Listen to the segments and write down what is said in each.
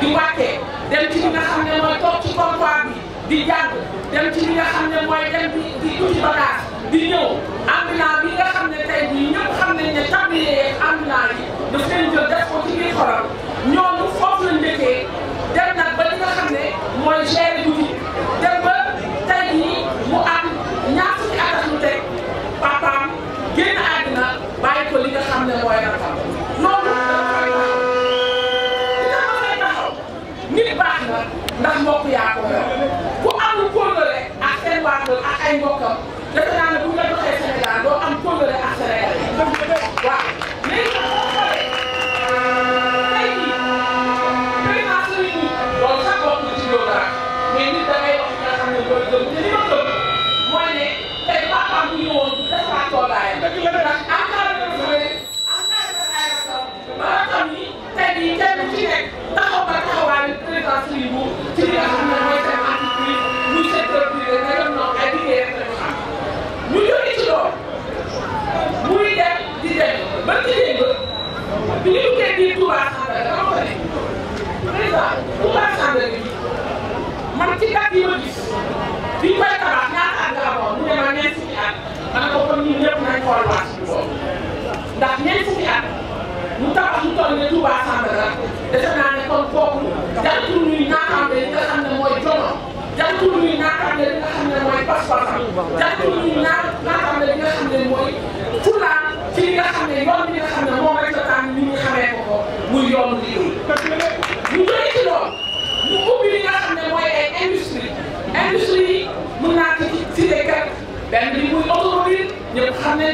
di wàccee dem ci li nga xam ne mooy toog ci comptoir bi di jàng dem ci li nga xam ne mooy dem di di tuuti bagage di ñëw bopp yaa ko yor ku amul kóllëre ak seen waajur ak ay mbokkam defe naa ne bu ñu la joxee Sénégal doo am kóllëre ak Sénégal waaw léegi nag boo xoolee tey jii président Serigne loolu sax bokk na ci loolu dara mais nit da ngay wax nga xam ne loolu gëm te li ma gëm xoolaat suñu bopp ndax ñeent fukki at mu tabax lu toll ne Touba Sandaga defe naa ne kon kooku jaratul ñuy naataange li nga xam ne mooy jono jaratul ñuy naataange li nga xam ne mooy pas-pasam jaratul ñuy naataange li nga xam ne mooy fulaan ci li nga xam ne yoon bi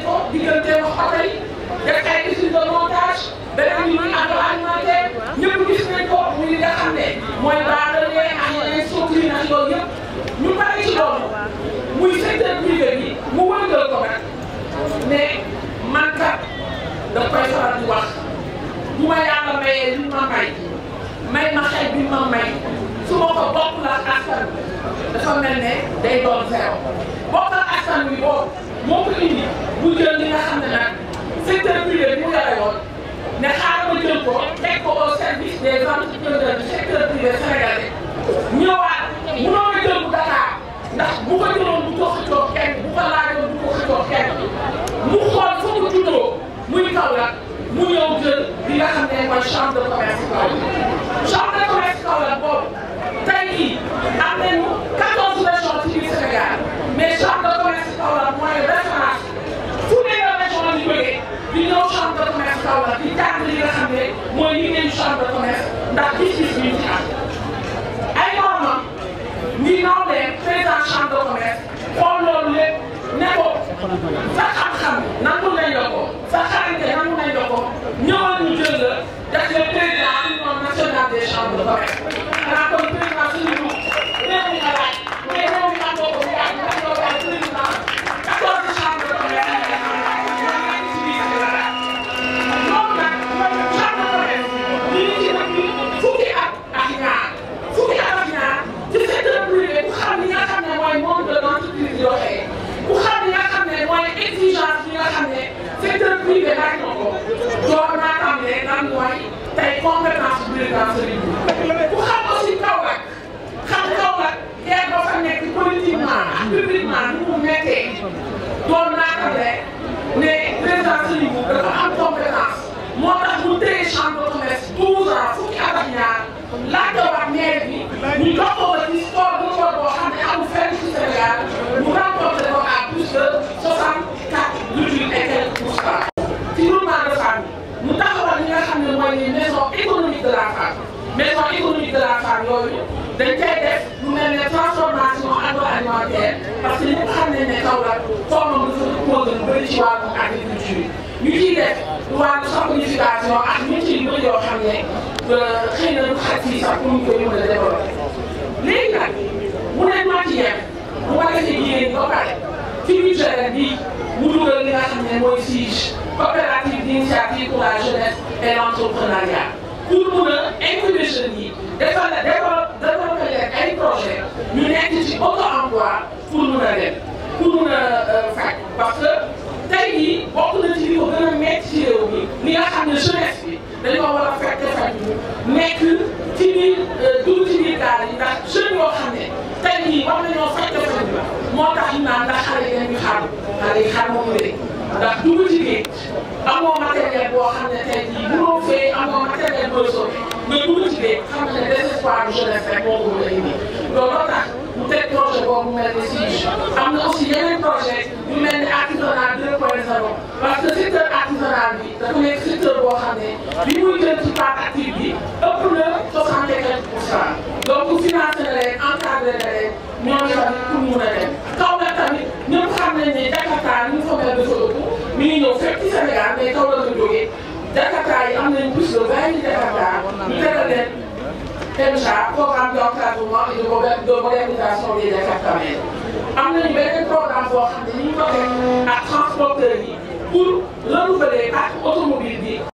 ko diggante wax oto yi def ay usine de montage beneen ñu ngi agroalimentaire ñëpp gis ko ñu li nga ne mooy baadoole ak yeneen structure nag loolu yëpp ñu pare ci loolu muy secteur privé bi mu wëngal ko ne man kat daf koy faral di wax bu ma yàlla mayee li ma may ma xel bi ma may su ma ko bokk la askan dafa mel ne day doon zéro bokkal askan wi boobu moo ko indi bu jël li nga xam ne nag secteur privé bi mu yore woon ne xaaral ma jël ko teg ko au service des entrepreneurs du secteur privé sénégalais ñëwaat munoo ma jël bu Dakar ndax bu ko jëloon du ko xëccoo kenn bu ko laajoon du ko xëccoo kenn mu xool foofu juddoo muy Kaolack mu ñëw jël li nga xam ne mooy sa xam-xam nangu ngay yokkoo sa xarañte nangu ngay yokkoo ñëwoon ñu jël la def le président union nationale des chambres de commerce Serigne maison économique de la femme yooyu dañ cay def lu mel ne transformation agroalimentaire parce que ñëpp xam nañ ne Kaolack toolum dafa posé lu bëri ci wàllum agriculture ñu ciy def lu wàllu saponification ak métier yu bëri yoo xam ne euh, xëy na du xaj fii sax pour ñu koy mën a développé léegi nag mu ne maa ci yem bu ma defee jigéen ñi ba pare ci budget ren bii mu dugal li nga xam ne mooy siège coopérative d'initiative pour la jeunesse et l'entrepreneuriat pour mën a dañu ko war a fekk fekk nekk ci biir euh, dugg ci biir daara yi ndax jeunes yoo xam ne tey jii fekk fekk la moo tax ñu naan ndax xale yi dañuy xaar xale yi xaar moom la ndax dugg ci biir amoo matériel boo xam ne tey jii mënoo fee amoo matériel booy sori nga dugg ci biir ne désespoir jeunesse rek moo ko mën a indi looloo tax mu teg projet boobu mel ni si am na aussi yeneen projet yu mel ni artisanat mooy sa bopp parce que secteur artisanal bi dafa nekk secteur boo xam ne li muy jël ci part active bi ëpp na soixante et quelques pour cent donc financé na leen encadré na leen ñoo tamit pour mun a dem kaw nag tamit ñëpp xam nañ ne Jakarta ni mu fa mel dafa ëpp mi ngi ñëw fépp ci Sénégal mais kaw la ko jógee Jakarta yi am nañ plus de vingt mille Jakarta ñu tegal leen déjà programme de encadrement et de modernisation des départements am nañu beneen programme boo xam ne ñu ngi ko teg ak transporteurs yi pour renouveler parc automobile bi